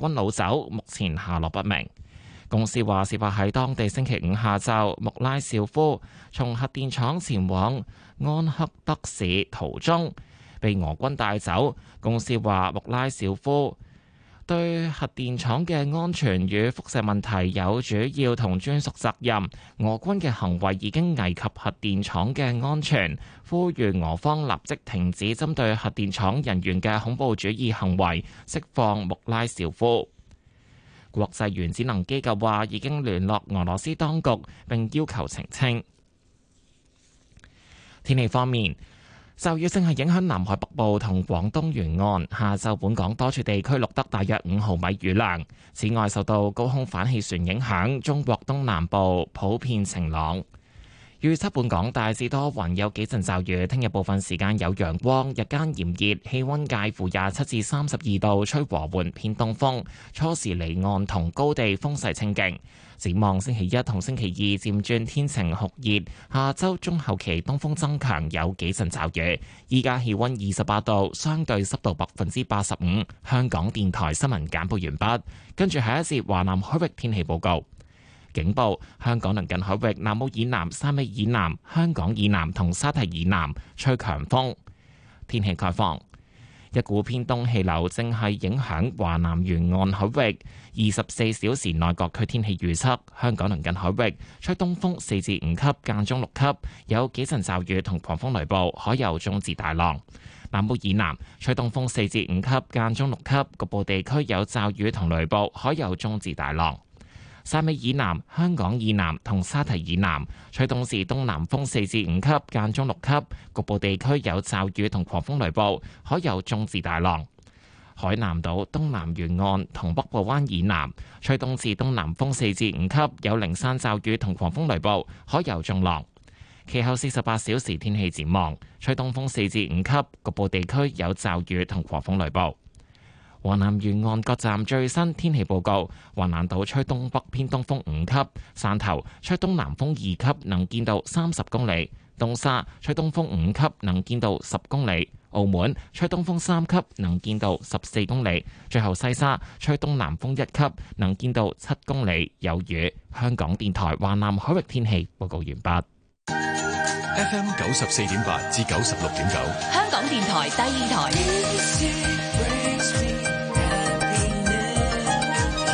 軍擄走，目前下落不明。公司是話，事發喺當地星期五下晝，穆拉少夫從核電廠前往安克德市途中，被俄軍帶走。公司話，穆拉少夫。對核電廠嘅安全與輻射問題有主要同專屬責任。俄軍嘅行為已經危及核電廠嘅安全，呼籲俄方立即停止針對核電廠人員嘅恐怖主義行為，釋放穆拉少夫。國際原子能機構話已經聯絡俄羅斯當局，並要求澄清。天氣方面。就要正係影響南海北部同廣東沿岸，下晝本港多處地區錄得大約五毫米雨量。此外，受到高空反氣旋影響，中國東南部普遍晴朗。預測本港大致多雲，還有幾陣驟雨。聽日部分時間有陽光，日間炎熱，氣溫介乎廿七至三十二度，吹和緩偏東風。初時離岸同高地風勢清勁。展望星期一同星期二漸轉天晴酷熱。下周中後期東風增強，有幾陣驟雨。依家氣溫二十八度，相對濕度百分之八十五。香港電台新聞簡報完畢，跟住下一節華南海域天氣報告。警報：香港鄰近海域、南澳以南、汕尾以南、香港以南同沙堤以南吹強風。天氣概況：一股偏東氣流正係影響華南沿岸海域。二十四小時內各區天氣預測：香港鄰近海域吹東風四至五級，間中六級，有幾陣驟雨同狂風雷暴，可有中至大浪。南澳以南吹東風四至五級，間中六級，局部地區有驟雨同雷暴，可有中至大浪。沙尾以南、香港以南同沙堤以南，吹東至東南風四至五級，間中六級，局部地區有驟雨同狂風雷暴，可有中至大浪。海南島東南沿岸同北部灣以南，吹東至東南風四至五級，有零散驟雨同狂風雷暴，可有中浪。其後四十八小時天氣展望，吹東風四至五級，局部地區有驟雨同狂風雷暴。華南沿岸各站最新天氣報告：華南島吹東北偏東風五級，汕頭吹東南風二級，能見到三十公里；東沙吹東風五級，能見到十公里；澳門吹東風三級，能見到十四公里；最後西沙吹東南風一級，能見到七公里，有雨。香港電台華南海域天氣報告完畢。FM 九十四點八至九十六點九，香港電台第二台。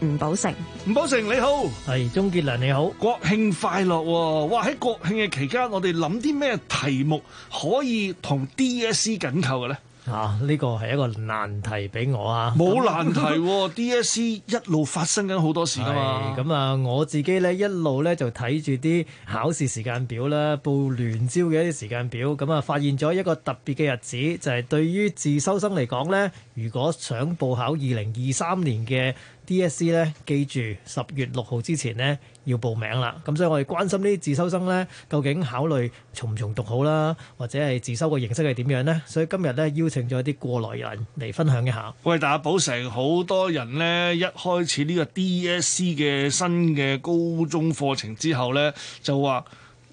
吳寶城，吳寶城你好，係鍾傑良，你好，國慶快樂、哦、哇！喺國慶嘅期間，我哋諗啲咩題目可以同 DSE 緊扣嘅咧？啊，呢個係一個難題俾我啊，冇難題、哦、 DSE 一路發生緊好多事噶嘛。咁啊，我自己咧一路咧就睇住啲考試時間表啦，報聯招嘅一啲時間表咁啊，發現咗一個特別嘅日子，就係、是、對於自修生嚟講咧，如果想報考二零二三年嘅。D.S.C. 咧，sc, 記住十月六號之前咧要報名啦。咁所以我哋關心呢啲自修生咧，究竟考慮重唔從讀好啦，或者係自修嘅形式係點樣咧？所以今日咧邀請咗一啲過來人嚟分享一下。喂，大家寶城，好多人咧一開始呢個 D.S.C. 嘅新嘅高中課程之後咧，就話。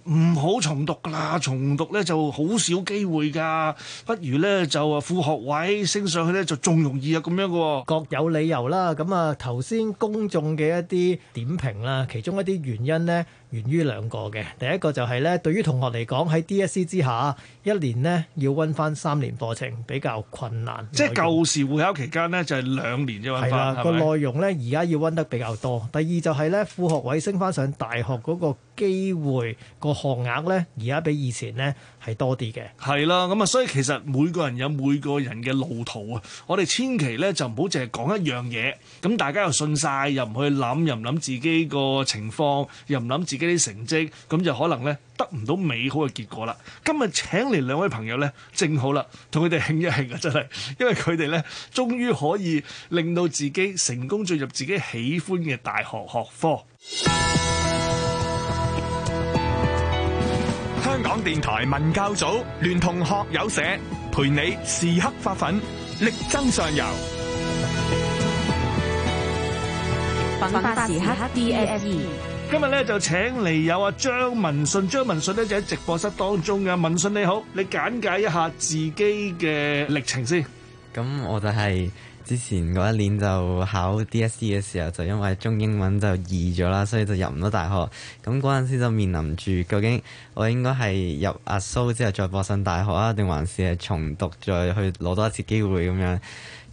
唔好重讀啦，重讀咧就好少機會噶，不如咧就啊副學位升上去咧就仲容易啊咁樣嘅喎，各有理由啦。咁啊頭先公眾嘅一啲點評啦，其中一啲原因咧。源於兩個嘅，第一個就係咧，對於同學嚟講喺 DSE 之下一年呢要温翻三年課程比較困難。即係舊時會考期間呢，就係兩年啫，温翻係咪？個內容呢，而家要温得比較多。第二就係呢，副學位升翻上大學嗰個機會個學額呢，而家比以前呢，係多啲嘅，係啦，咁啊，所以其實每個人有每個人嘅路途啊，我哋千祈咧就唔好淨係講一樣嘢，咁大家又信晒，又唔去諗，又唔諗自己個情況，又唔諗自己啲成績，咁就可能咧得唔到美好嘅結果啦。今日請嚟兩位朋友咧，正好啦，同佢哋慶一慶啊，真係，因為佢哋咧終於可以令到自己成功進入自己喜歡嘅大學學科。 香港電台文教組聯同學友社陪你時刻發奮，力爭上游。奮發時刻 D S E。今日咧就請嚟有阿張汶汛，張汶汛咧就喺直播室當中嘅，汶汛你好，你簡介一下自己嘅歷程先。咁我就係。之前嗰一年就考 DSE 嘅時候，就因為中英文就二咗啦，所以就入唔到大學。咁嗰陣時就面臨住，究竟我應該係入阿蘇之後再博上大學啊，定還是係重讀再去攞多一次機會咁樣。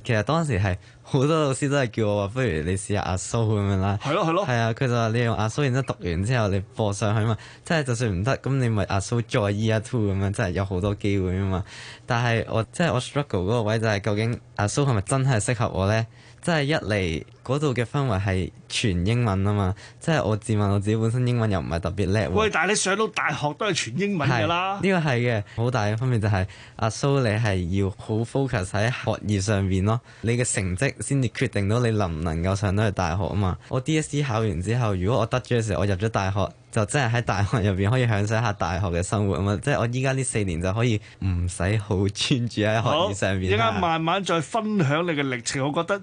其實當時係。好多老師都係叫我話，不如你試下阿蘇咁樣啦。係咯，係咯。係啊、嗯，佢就話你用阿蘇，然之後讀完之後你播上去啊嘛。即係就算唔得，咁你咪阿蘇再依一 two 咁樣，即係有好多機會啊嘛。但係我即係我 struggle 嗰個位就係究竟阿蘇係咪真係適合我咧？即係一嚟嗰度嘅氛圍係全英文啊嘛！即係我自問我自己本身英文又唔係特別叻喂！但係你上到大學都係全英文㗎啦。呢個係嘅，好大嘅分別就係阿蘇你係要好 focus 喺學業上面咯，你嘅成績先至決定到你能唔能夠上到去大學啊嘛！我 DSE 考完之後，如果我得咗嘅時候，我入咗大學，就真係喺大學入邊可以享受一下大學嘅生活啊嘛！即係我依家呢四年就可以唔使好專注喺學業上面。依家慢慢再分享你嘅歷程，我覺得。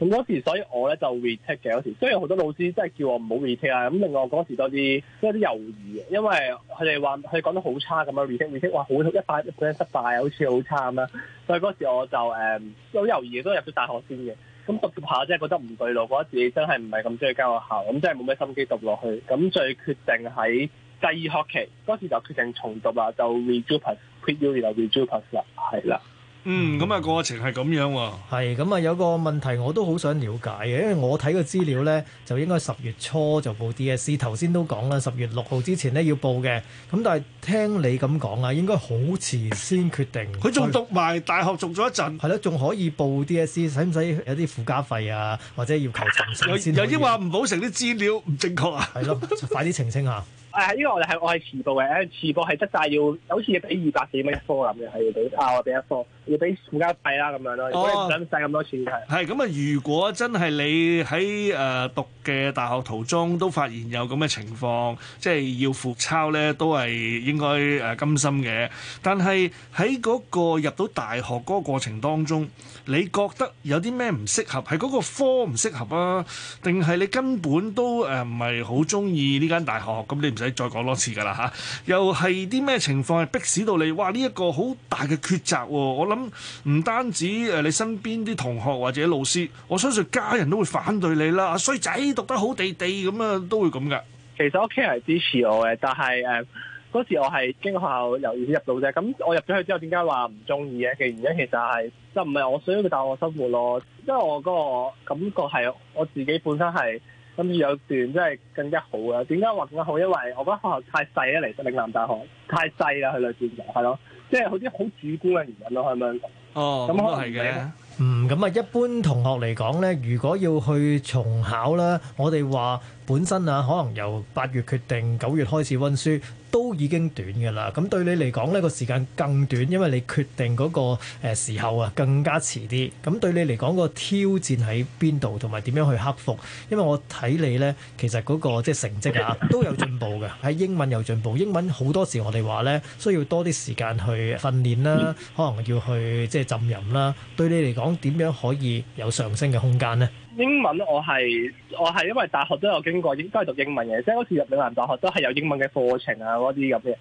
咁嗰時，所以我咧就 retake 嘅。嗰時雖然好多老師真係叫我唔好 retake 啊，咁另外我嗰時多啲都有啲猶豫嘅，因為佢哋話佢講得好差咁樣 retake retake，哇好一敗一百分失敗，好似好差咁啦。所以嗰時我就誒都、um，猶豫，都入咗大學先嘅。咁讀下真係覺得唔對路，覺得自己真係唔係咁中意交學校，咁真係冇咩心機讀落去。咁最決定喺第二學期嗰時就決定重讀啦，就 rejuper quit you 然後 rejupers 啦，係啦。嗯，咁啊，過程係咁樣喎。係，咁啊，有個問題我都好想了解嘅，因為我睇個資料咧，就應該十月初就報 D.S.C，頭先都講啦，十月六號之前咧要報嘅。咁但係聽你咁講啊，應該好遲先決定。佢仲讀埋大學，讀咗一陣。係咯，仲可以報 D.S.C，使唔使有啲附加費啊？或者要求審查先？有有啲話唔保成啲資料唔正確啊？係 咯，快啲澄清下。誒，呢個我哋係我係遲報嘅，遲報係得晒要，好似要俾二百幾蚊一科咁嘅，係要俾抄啊，俾一科，要俾附加費啦咁樣咯，所以唔想使咁多錢嘅。係咁啊，如果真係你喺誒讀嘅大學途中都發現有咁嘅情況，即係要復抄咧，都係應該誒甘心嘅。但係喺嗰個入到大學嗰個過程當中，你覺得有啲咩唔適合？係嗰個科唔適合啊？定係你根本都誒唔係好中意呢間大學？咁你？唔使再講多次噶啦嚇，又係啲咩情況係逼使到你？哇！呢一個好大嘅抉擇喎，我諗唔單止誒你身邊啲同學或者老師，我相信家人都會反對你啦。衰仔讀得好地地咁啊，都會咁噶。其實屋企人支持我嘅，但係誒嗰時我係經過學校猶豫入到啫。咁我入咗去之後，點解話唔中意嘅原因，其實係就唔係我想要嘅大學生活咯，因為我嗰個感覺係我自己本身係。咁有段真係更加好嘅，點解話更加好？因為我覺得學校太細啊，嚟自嶺南大學太細啦，佢裏邊就係咯，即係好啲好主觀嘅原因咯，係咪？哦，咁都係嘅。嗯，咁啊，一般同學嚟講咧，如果要去重考啦，我哋話本身啊，可能由八月決定，九月開始温書。都已經短嘅啦。咁對你嚟講呢個時間更短，因為你決定嗰個誒時候啊，更加遲啲。咁對你嚟講，個挑戰喺邊度，同埋點樣去克服？因為我睇你呢，其實嗰個即係成績啊都有進步嘅。喺英文有進步，英文好多時我哋話呢，需要多啲時間去訓練啦，可能要去即係浸淫啦。對你嚟講，點樣可以有上升嘅空間呢？英文我係我係因為大學都有經過，應該係讀英文嘅。即係好似入嶺南大學都係有英文嘅課程啊，嗰啲咁嘅。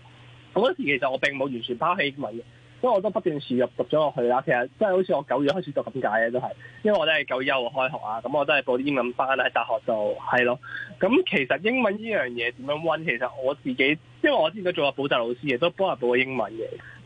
咁嗰時其實我並冇完全拋棄英文嘅，因為我都不斷試入讀咗落去啦。其實即係好似我九月開始讀咁解嘅都係，因為我都係九月一號開學啊。咁我都係報啲英文班啦。喺大學就係咯。咁其實英文呢樣嘢點樣温？其實我自己因為我之前都做過補習老師亦都幫人報過英文嘅。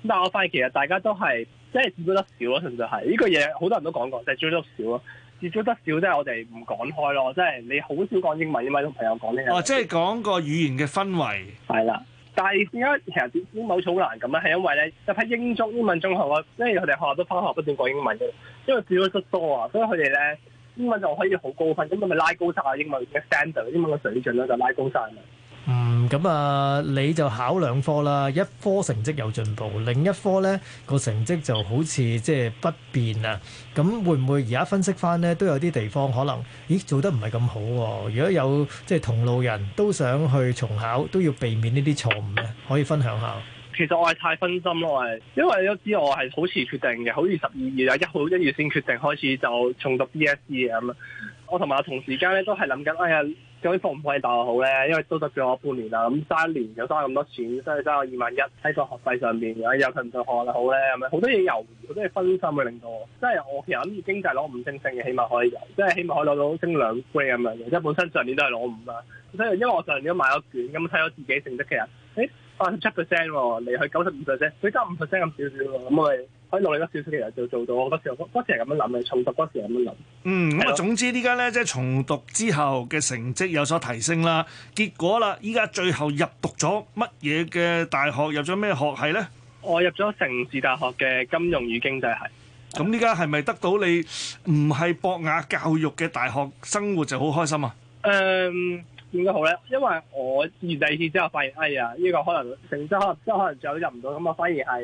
但我發現其實大家都係即係接觸得少咯，甚至係呢個嘢好多人都講過，就係追得少咯。接觸得少，即係我哋唔講開咯。即係你好少講英文，因為同朋友講呢樣。哦，即係講個語言嘅氛圍，係啦。但係點解其實啲英文草難咁咧？係因為咧，就喺英中英文中學嘅，因為佢哋學校都翻學不斷講英文嘅，因為少咗得多啊，所以佢哋咧英文就可以好高分。咁佢咪拉高曬英文嘅 standard，英文嘅水準咧就拉高曬。嗯，咁啊，你就考兩科啦，一科成績有進步，另一科呢個成績就好似即係不變啊。咁會唔會而家分析翻呢？都有啲地方可能，咦做得唔係咁好啊？如果有即係同路人都想去重考，都要避免呢啲錯誤咧，可以分享下。其實我係太分心咯，係因為都知我係好遲決定嘅，好似十二月啊，一號一月先決定開始就重讀 DSE 咁啊。我同埋我同時間咧都係諗緊，哎呀～做啲課唔可以大學好咧，因為都得咗我半年啦，咁三年又花咁多錢，所以花咗二萬一喺個學費上邊。然後佢唔佢學又好咧，咁樣好多嘢猶豫，好多嘢分心去令到我，即係我其實諗住經濟攞五星星嘅，起碼可以有，即係起碼可以攞到升兩 grade 咁樣嘅。即係本身上年都係攞五啊，所以因為我上年都買咗券，咁睇我自己成績其實，誒八十七 percent 喎，離去九十五 percent，佢得五 percent 咁少少喎，咁我哋。喺落嚟得少少，其實就做到。我嗰時嗰嗰時係咁樣諗嘅，重讀嗰時係咁樣諗。嗯，咁啊，總之呢家咧，即係重讀之後嘅成績有所提升啦，結果啦，依家最後入讀咗乜嘢嘅大學，入咗咩學系咧？我入咗城市大學嘅金融與經濟系。咁呢家係咪得到你唔係博雅教育嘅大學生活就好開心啊？誒點講好咧？因為我完第二次之後發現，哎呀，呢個可能城市大學真係可能仲入唔到，咁啊反而係。哎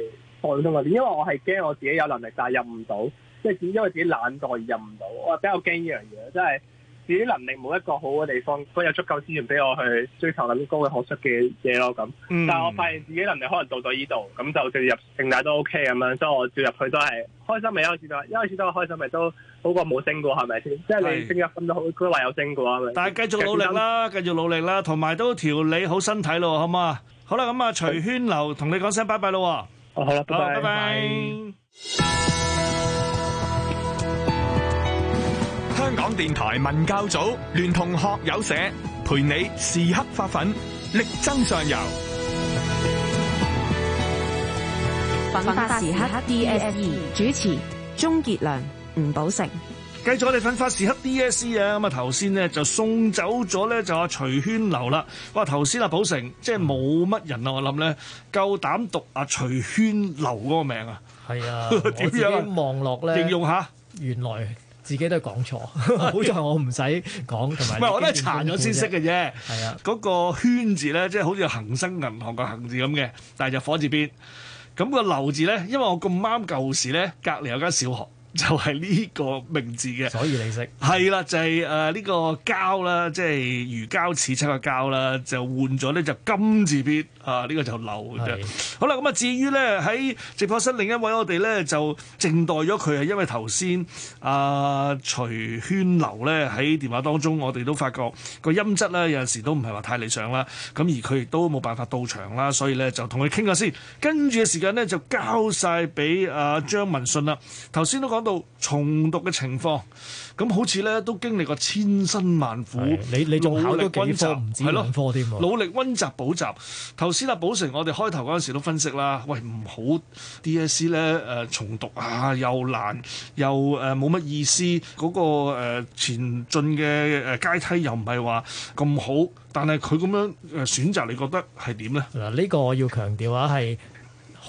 因為我係驚我自己有能力，但係入唔到，即係只因為自己懶惰而入唔到。我比較驚呢樣嘢，即係自己能力冇一個好嘅地方，都有足夠資源俾我去追求咁高嘅學術嘅嘢咯。咁，但係我發現自己能力可能到咗呢度，咁就直入城大都 OK 咁樣，所以我跳入去都係開心。咪一開始都，一開始都開心，咪都好過冇升過，係咪先？即係你升一咁都好，都話有升過啊。但係繼續努力啦，繼續努力啦，同埋都調理好身體咯，好唔好啊？好，好拜拜啦，咁啊，徐烜鏐同你講聲拜拜咯。好啦，拜拜。香港電台文教組聯同學友社，陪你時刻發奮，力爭上游。奮發時刻 DSE 主持：鍾傑良、吳寶城。繼續我哋奮發時刻 D S C 啊！咁啊頭先咧就送走咗咧就阿、啊、徐烜鏐啦。哇，頭先阿寶成即係冇乜人啊，我諗咧夠膽讀阿、啊、徐烜鏐嗰個名啊。係啊，點 樣？形容下，原來自己都係講錯， 好在我唔使講同埋。唔係我都係殘咗先識嘅啫。係啊，嗰個烜字咧即係好似恒生銀行個恒字咁嘅，但係就是火字邊。咁、那個鏐字咧，因為我咁啱舊時咧隔籬有間小學。就係呢個名字嘅，所以你識係啦，就係誒呢個膠啦，即係如膠似漆嘅膠啦，就換咗咧就金字邊啊，呢、呃這個就流嘅是。好啦，咁啊至於咧喺直播室另一位我哋咧就靜待咗佢，係因為頭先阿徐烜鏐咧喺電話當中，我哋都發覺個音質咧有陣時都唔係話太理想啦。咁而佢亦都冇辦法到場啦，所以咧就同佢傾下先。跟住嘅時間咧就交晒俾阿張汶汛啦。頭先都講。講到重讀嘅情況，咁好似咧都經歷過千辛萬苦，你你仲考科，唔知係咯？的努力温習、補習，頭先阿寶城，我哋開頭嗰陣時都分析啦。喂，唔好 DSE 咧，誒、呃、重讀啊，又難又誒冇乜意思，嗰、那個、呃、前進嘅誒階梯又唔係話咁好。但係佢咁樣誒選擇，你覺得係點咧？嗱，呢個我要強調啊，係。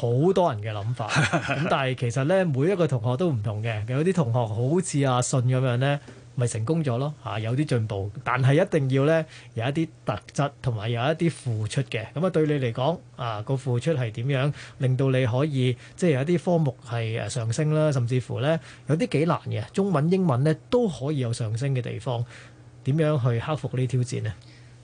好多人嘅諗法，咁但係其實咧，每一個同學都唔同嘅。有啲同學好似阿信咁樣咧，咪成功咗咯嚇，有啲進步。但係一定要咧，有一啲特質同埋有一啲付出嘅。咁啊，對你嚟講，啊個付出係點樣，令到你可以即係有一啲科目係誒上升啦，甚至乎咧有啲幾難嘅，中文、英文咧都可以有上升嘅地方。點樣去克服呢啲挑戰呢？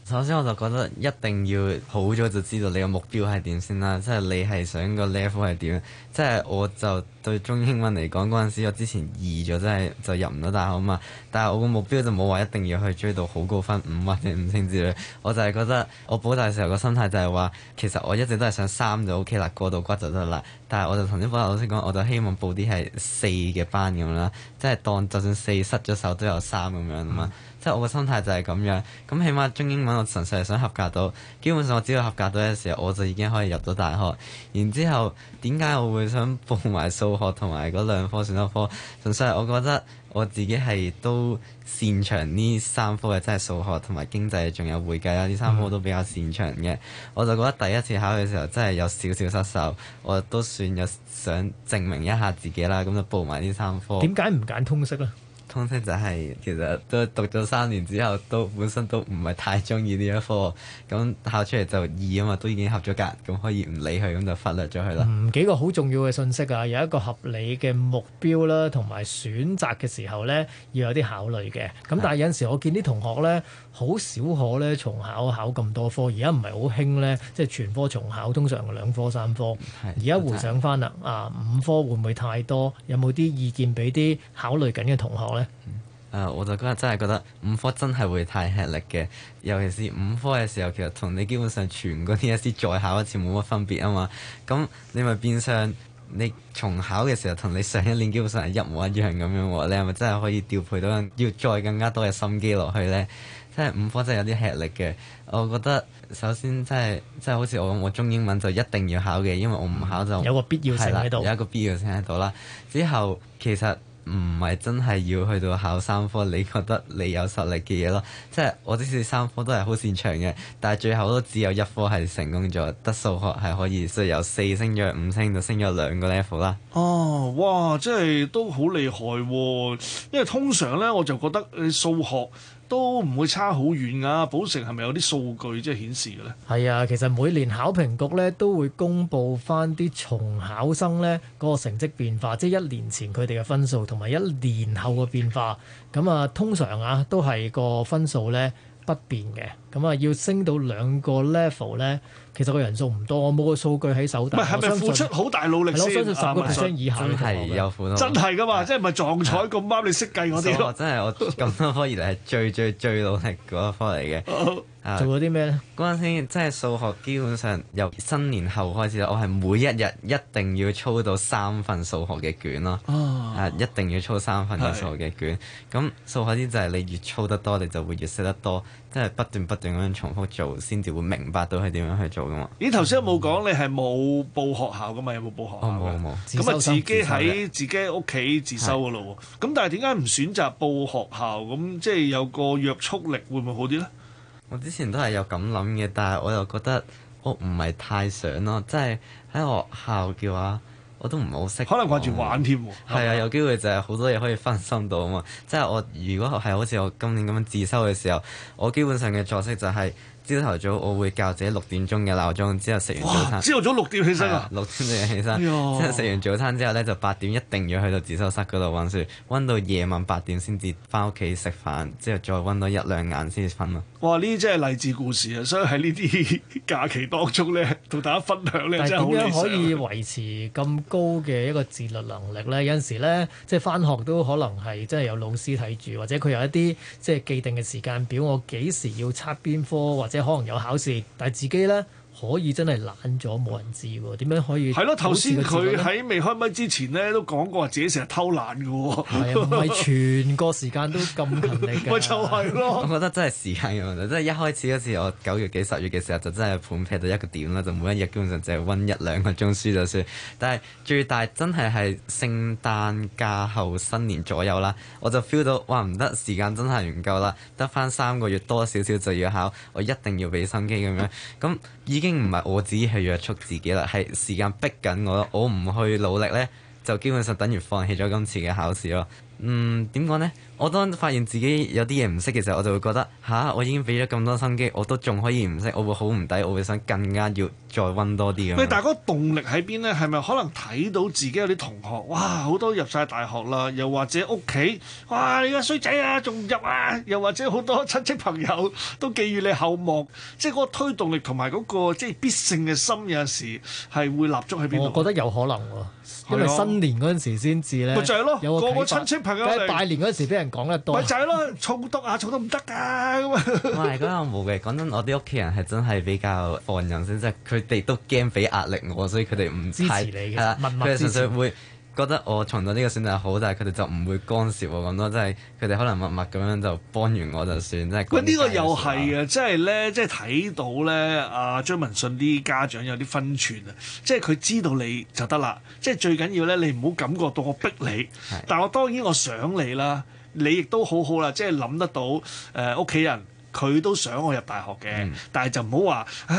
首先我就覺得一定要好早就知道你嘅目標係點先啦，即係你係想個 level 係點，即係我就。對中英文嚟講，嗰陣時我之前二咗，真係就入唔到大學嘛。但係我個目標就冇話一定要去追到好高分五或者五星之類，我就係覺得我補習時候個心態就係話，其實我一直都係想三就 OK 啦，過到骨就得啦。但係我就同啲補習老師講，我就希望報啲係四嘅班咁啦，即係當就算四失咗手都有三咁樣啊嘛。嗯、即係我個心態就係咁樣，咁起碼中英文我純粹係想合格到，基本上我只要合格到嘅時候，我就已經可以入到大學。然之後點解我會想報埋數？學同埋嗰兩科選修科，純粹係我覺得我自己係都擅長呢三科嘅，即係數學同埋經濟仲有會計啦，呢三科都比較擅長嘅。嗯、我就覺得第一次考嘅時候真係有少少失手，我都算有想證明一下自己啦，咁就報埋呢三科。點解唔揀通識咧？方式就係、是、其實都讀咗三年之後，都本身都唔係太中意呢一科，咁考出嚟就易啊嘛，都已經合咗格，咁可以唔理佢，咁就忽略咗佢啦。嗯，幾個好重要嘅信息啊，有一個合理嘅目標啦，同埋選擇嘅時候呢，要有啲考慮嘅。咁但係有陣時我見啲同學呢。好少可咧重考考咁多科，而家唔係好興咧，即係全科重考，通常係兩科三科。而家回想翻啦，嗯、啊五科會唔會太多？有冇啲意見俾啲考慮緊嘅同學呢？啊、嗯呃，我就嗰日真係覺得五科真係會太吃力嘅，尤其是五科嘅時候，其實同你基本上全個 DSE 再考一次冇乜分別啊嘛。咁你咪變相你重考嘅時候同你上一年基本上係一模一樣咁樣喎。你係咪真係可以調配到要再更加多嘅心機落去呢？即係五科真係有啲吃力嘅，我覺得首先即係即係好似我我中英文就一定要考嘅，因為我唔考就有個必要性喺度。有一個必要性喺度啦，嗯，啦。之後其實唔係真係要去到考三科，你覺得你有實力嘅嘢咯。即係我即使三科都係好擅長嘅，但係最後都只有一科係成功咗，得數學係可以，所以由四升咗五升到升咗兩個 level 啦。哦，哇！即係都好厲害喎，因為通常呢，我就覺得數學。都唔會差好遠啊。寶城係咪有啲數據即係、就是、顯示嘅咧？係啊，其實每年考評局咧都會公布返啲重考生咧，嗰、那個成績變化，即係一年前佢哋嘅分數同埋一年後嘅變化。咁啊，通常啊都係個分數咧不變嘅。咁啊，要升到兩個 level 咧。其實個人數唔多，我冇個數據喺手底。唔係咪付出好大努力先？係咯，相信十個 percent 以下係有款咯。真係㗎嘛，即係咪撞彩咁啱？你識計嗰啲數學真係我咁多科以嚟係最最最努力嗰一科嚟嘅。做咗啲咩咧？嗰陣時即係數學，基本上由新年後開始，我係每一日一定要操到三份數學嘅卷咯。一定要操三份嘅數學嘅卷。咁數學先就係你越操得多，你就會越識得多。即係不斷不斷咁樣重複做，先至會明白到係點樣去做噶嘛？有，有，你頭先有冇講，你係冇報學校噶嘛？有冇報學校？哦，冇冇。咁啊，自，自己喺自己屋企自修噶咯喎。咁的但係點解唔選擇報學校？咁即係有個約束力，會唔會好啲呢？我之前都係有咁諗嘅，但係我又覺得我唔係太想咯。即係喺學校嘅話。我都唔係好識，可能掛住玩添。係說啊，嗯、有機會就係好多嘢可以分心到啊嘛！即係、嗯、我如果係好似我今年咁樣自修嘅時候，我基本上嘅作息就係朝頭早我會教自己六點鐘嘅鬧鐘，之後食完早餐，朝頭早六點起身對啊，六點鐘起身，呦之後食完早餐之後咧就八點一定要去到自修室嗰度温書，温到夜晚八點先至翻屋企食飯，之後再温多一兩眼先至瞓啊。哇！呢啲真係勵志故事啊，所以喺呢啲假期當中咧，同大家分享咧但是 真係好理想。但係點樣可以維持咁高嘅一個自律能力咧？有陣時咧，即係翻學都可能係真係有老師睇住，或者佢有一啲即係既定嘅時間表，我幾時要測邊科，或者可能有考試，但係自己咧，可以真係懶咗冇人知喎，點樣可以？係咯，頭先佢喺未開咪之前咧，都講過話自己成日偷懶嘅喎、哦。係啊，唔係全個時間都咁勤力。咪 就係咯。我覺得真係時間嘅問題，即係一開始嗰時，我九月幾十月嘅時候就真係判皮到一個點啦，就每一日基本上就温一兩個鐘書就算。但係最大真係係聖誕假後新年左右啦，我就 feel 到哇唔得，時間真係唔夠啦，得返三個月多少少就要考，我一定要俾心機咁樣。咁已經。已經唔係我自己去約束自己啦，係時間逼緊我咯。我唔去努力咧，就基本上等於放棄咗今次嘅考試咯。嗯，點講咧？我當發現自己有啲嘢唔識嘅時候，我就會覺得，吓，我已經俾咗咁多心機，我都仲可以唔識，我會好唔抵，我會想更加要。再溫多啲咁，但係嗰個動力喺邊咧？係咪可能睇到自己有啲同學，哇，好多入晒大學啦，又或者屋企，哇，你個衰仔啊，仲入啊，又或者好多親戚朋友都寄予你厚望，即係嗰個推動力同埋嗰個即係、就是、必勝嘅心，有時係會立足喺邊度？我覺得有可能喎、啊，因為新年嗰陣時先至咧，就係咯，有個，個親戚朋友拜年嗰時俾人講得多，咪就係咯，重讀啊，重讀唔得㗎咁啊！唔係嗰個冇嘅，講真，我啲屋企人係真係比較防人先，即係佢。佢哋都驚俾壓力我，所以佢哋唔支持你嘅。佢哋純粹會覺得我從咗呢個選擇好，但係佢哋就唔會干涉我咁多，即係佢哋可能默默咁樣就幫完我就算。即係呢個又係啊！即係咧，即係睇到咧，阿張汶汛啲家長有啲分寸啊！即係佢知道你就得啦。即係最緊要咧，你唔好感覺到我逼你。的但我當然我想你啦，你亦都好好啦，即係諗得到誒屋企人。佢都想我入大學嘅，嗯、但係就唔好話，誒、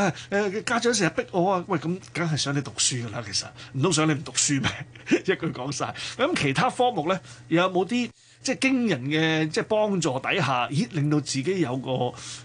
啊、家長成日逼我啊！喂，咁梗係想你讀書噶啦，其實唔通想你唔讀書咩？ 一句講晒。咁其他科目咧，有冇啲即係驚人嘅即係幫助底下，咦，令到自己有個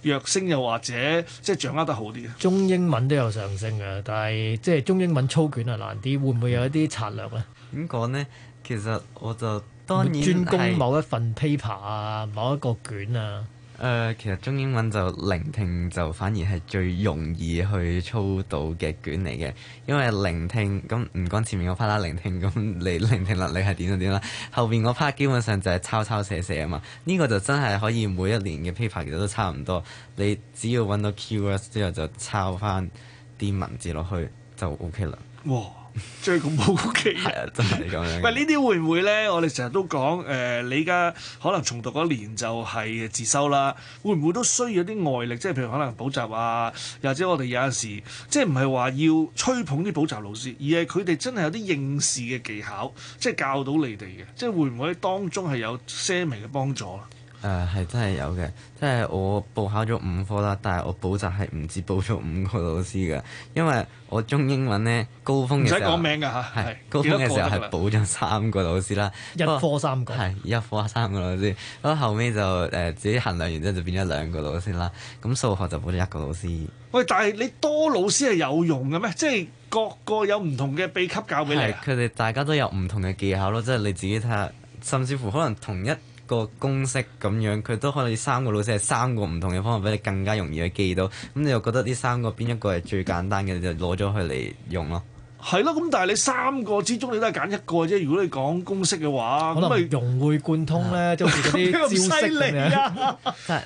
躍升又或者即係掌握得好啲？中英文都有上升嘅，但係即係中英文操卷啊難啲，會唔會有一啲策略咧？點講咧？其實我就當然係專攻某一份 paper 啊，某一個卷啊。誒、呃，其實中英文就聆聽就反而係最容易去操到嘅卷嚟嘅，因為聆聽咁唔講前面嗰 part 啦，聆聽咁你聆聽能力你係點就點啦，後面嗰 part 基本上就係抄抄寫寫啊嘛，呢、這個就真係可以每一年嘅 paper 其實都差唔多，你只要揾到 keywords 之後就抄翻啲文字落去就 OK 啦。哇即係咁好奇，啊，真係咁樣。唔呢啲會唔會咧？我哋成日都講誒、呃，你而家可能重讀嗰年就係自修啦，會唔會都需要啲外力？即係譬如可能補習啊，或者我哋有陣時即係唔係話要吹捧啲補習老師，而係佢哋真係有啲應試嘅技巧，即係教到你哋嘅，即係會唔會當中係有些微嘅幫助咧？誒係、呃、真係有嘅，即係我報考咗五科啦，但係我補習係唔止補咗五個老師嘅，因為我中英文呢，高峯唔使講名嘅嚇，高峯嘅時候係補咗三個老師啦我，一科三個，係一科三個老師，不過後尾就誒、呃、自己衡量完之後就變咗兩個老師啦，咁數學就補咗一個老師。喂，但係你多老師係有用嘅咩？即係各個有唔同嘅秘笈教俾你。佢哋大家都有唔同嘅技巧咯，即係你自己睇下，甚至乎可能同一個公式咁樣，佢都可以三個老師係三個唔同嘅方法，俾你更加容易去記到。咁你就覺得呢三個邊一個係最簡單嘅，你就攞咗佢嚟用咯。係咯，咁但係你三個之中你都係揀一個啫。如果你講公式嘅話，咁咪融會貫通咧，即係啲犀利啊！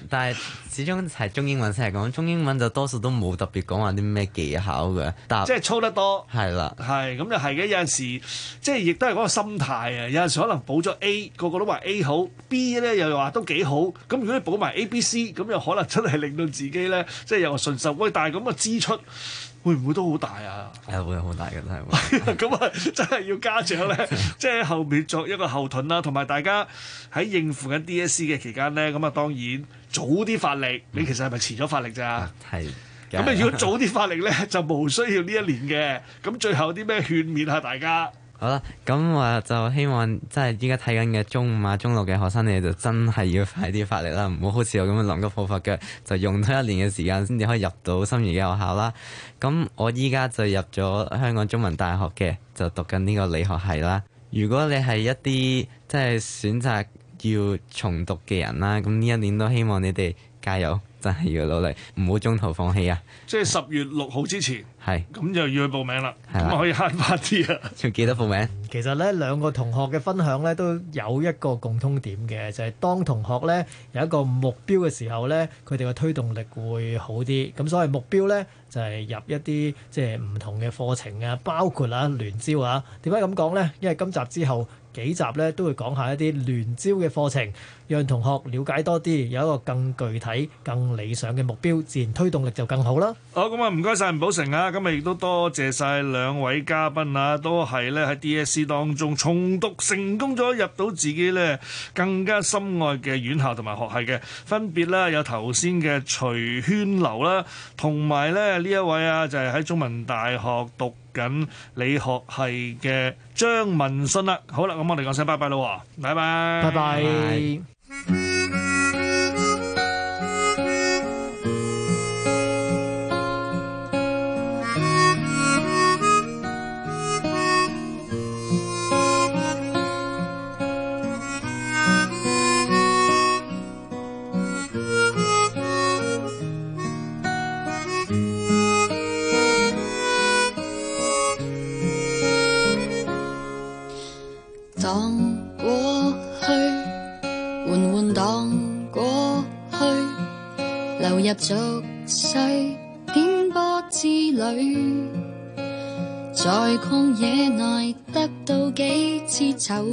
但係始終係中英文先係講中英文就多數都冇特別講話啲咩技巧嘅。但即係操得多。係啦，係咁又係嘅。有陣時即係亦都係嗰個心態啊。有陣時可能補咗 A，個個都話 A 好；B 咧又話都幾好。咁如果你補埋 A、B、C，咁又可能真係令到自己咧，即係有個信受。喂，但係咁嘅支出。會唔會都好大啊？係啊，好、 嗯、大好嘅，係咁啊， 嗯、真係要家長咧，即係喺後面作一個後盾啦，同埋大家喺應付緊 DSE 嘅期間咧，咁啊當然早啲發力。你其實係咪遲咗發力咋？係。咁 你、嗯、 如果早啲發力咧，就冇需要呢一年嘅。咁最後啲咩勸勉下大家？好啦，咁我就希望，即係依家睇緊嘅中五啊、中六嘅學生，你哋就真係要快啲發力啦，唔好好似我咁樣臨急抱佛腳，就用多一年嘅時間先至可以入到心儀嘅學校啦。咁我依家就入咗香港中文大學嘅，就讀緊呢個理學系啦。如果你係一啲即係選擇要重讀嘅人啦，咁呢一年都希望你哋加油，真係要努力，唔好中途放棄啊！即係十月六號之前。係，咁就要去報名啦，咁可以慳翻啲啊！要記得報名。其實咧，兩個同學嘅分享咧，都有一個共通點嘅，就係、是、當同學咧有一個目標嘅時候咧，佢哋嘅推動力會好啲。咁所謂目標咧就係、是、入一啲即係唔同嘅課程啊，包括啊聯招啊。點解咁講咧？因為今集之後，幾集咧都會講一下一啲聯招嘅課程，讓同學了解多啲，有一個更具體、更理想嘅目標，自然推動力就更好啦。好，咁啊，唔該晒，吳寶城啊，今日亦都多謝晒兩位嘉賓啊，都係咧喺 D.S.C. 當中重讀成功咗入到自己咧更加深愛嘅院校同埋學系嘅，分別啦有頭先嘅徐烜鏐啦，同埋咧呢一位啊就係喺中文大學讀。緊，理學系嘅張文信啦。好啦，咁我哋講聲拜拜咯！拜拜，拜拜。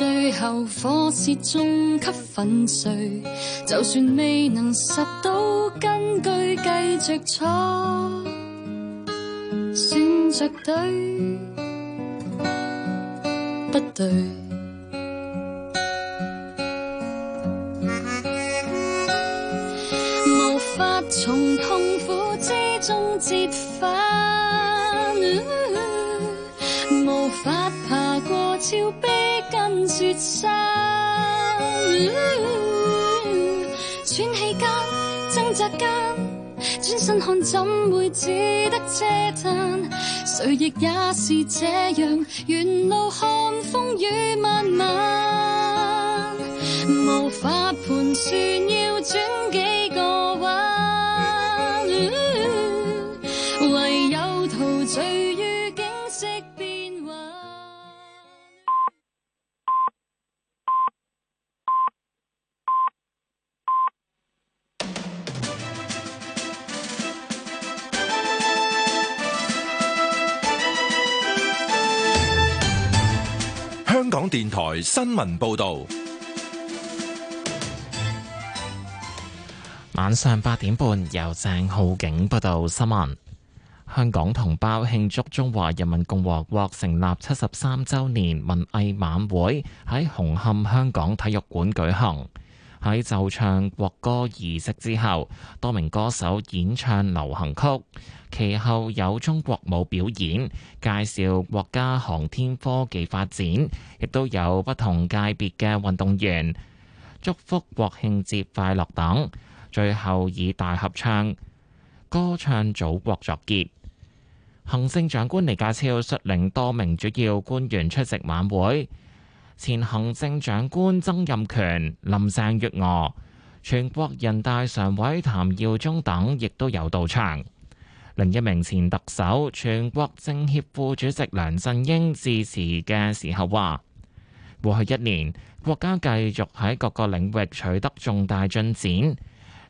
最後火舌中給粉碎，就算未能拾到根據，繼續錯，選着對，不對？ 無法從痛苦之中折返。嗯嗯、喘氣間，掙扎間，轉身看怎會只得嗟嘆？誰亦也是這樣，沿路看風雨漫漫，無法盤算要轉幾？香港電台新聞報道，晚上八點半由鄭浩景報道新聞。香港同胞慶祝中華人民共和國成立七十三周年文藝晚會喺紅磡香港體育館舉行。喺奏唱國歌儀式之後，多名歌手演唱流行曲，其後有中國舞表演，介紹國家航天科技發展，亦都有不同界別嘅運動員祝福國慶節快樂等，最後以大合唱歌唱祖國作結。行政長官李家超率領多名主要官員出席晚會。前行政長官曾蔭權、林鄭月娥、全國人大常委譚耀宗等亦都有到場。另一名前特首、全國政協副主席梁振英致辭嘅時候話：過去一年，國家繼續喺各個領域取得重大進展，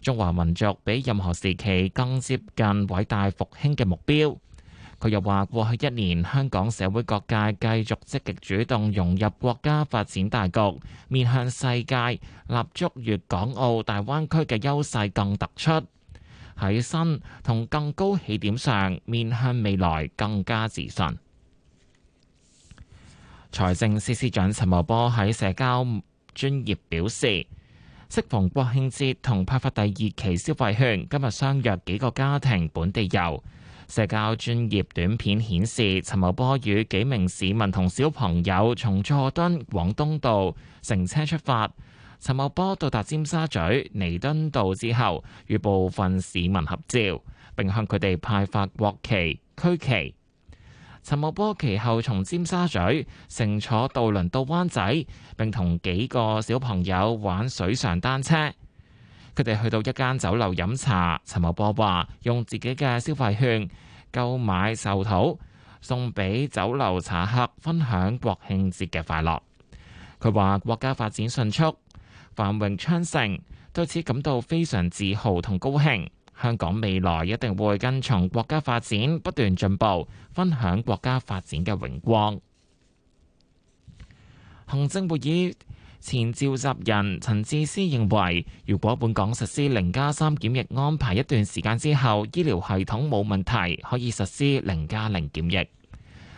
中華民族比任何時期更接近偉大復興嘅目標。佢又話：過去一年，香港社會各界繼續積極主動融入國家發展大局，面向世界，立足粵港澳大灣區嘅優勢更突出，喺新同更高起點上，面向未來更加自信。財政司司長陳茂波喺社交專頁表示：適逢國慶節同派發第二期消費券，今日相約幾個家庭本地遊。社交專業短片顯示，陳茂波與幾名市民同小朋友從佐敦往東道乘車出發。陳茂波到達尖沙咀彌敦道之後，與部分市民合照，並向佢哋派發國旗區旗。陳茂波其後從尖沙咀乘坐渡輪到灣仔，並同幾個小朋友玩水上單車。佢哋去到一間酒樓飲茶，陳茂波話用自己嘅消費券購買壽桃送俾酒樓茶客，分享國慶節嘅快樂。佢話國家發展迅速，繁榮昌盛，對此感到非常自豪同高興，香港未來一定會跟從國家發展不斷進步，分享國家發展嘅榮光。行政會議前召集人陳智思認為，如果本港實施零加三檢疫安排一段時間之後，醫療系統冇問題，可以實施零加零檢疫。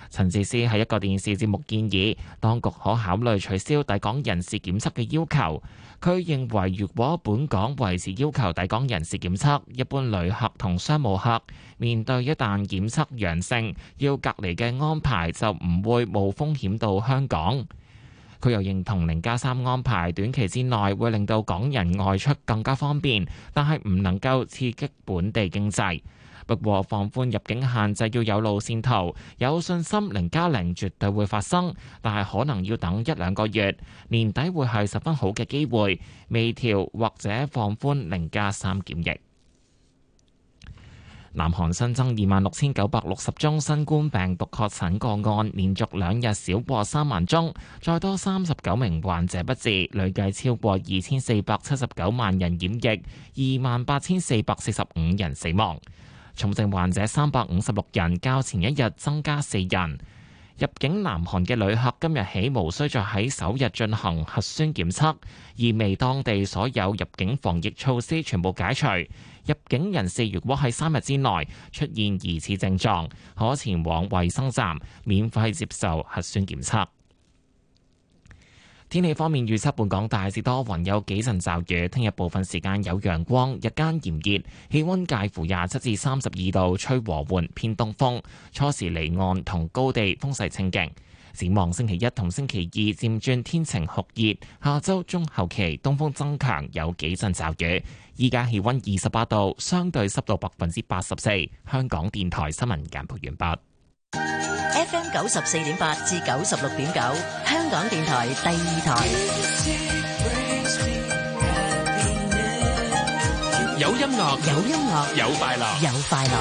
陳智思喺一個電視節目建議，當局可考慮取消抵港人士檢測嘅要求。佢認為，如果本港維持要求抵港人士檢測，一般旅客同商務客面對一旦檢測陽性要隔離嘅安排，就唔會冒風險到香港。佢又認同零加三安排短期之內會令到港人外出更加方便，但係唔能夠刺激本地經濟。不過放寬入境限制要有路線圖，有信心零加零絕對會發生，但係可能要等一兩個月。年底會係十分好嘅機會，微調或者放寬零加三檢疫。南韓新增二萬六千九百六十宗新冠病毒確診個案，連續兩日少過三萬宗，再多三十九名患者不治，累計超過二千四百七十九萬人染疫，二萬八千四百四十五人死亡，重症患者三百五十六人，較前一日增加四人。入境南韓嘅旅客今日起無需再喺首日進行核酸檢測，意味當地所有入境防疫措施全部解除。入境人士如果喺三日之內出現疑似症狀，可前往衛生站免費接受核酸檢測。天氣方面，預測本港大致多雲，有幾陣驟雨。聽日部分時間有陽光，日間炎熱，氣溫介乎廿七至三十二度，吹和緩偏東風。初時離岸同高地風勢清勁。展望星期一同星期二漸轉天晴酷熱，下周中後期東風增強，有幾陣驟雨。依家氣溫二十八度，相對濕度百分之八十四。香港電台新聞簡報完畢。FM 九十四點八至九十六點九，香港電台第二台。有音樂，有音樂，有快樂，有快樂。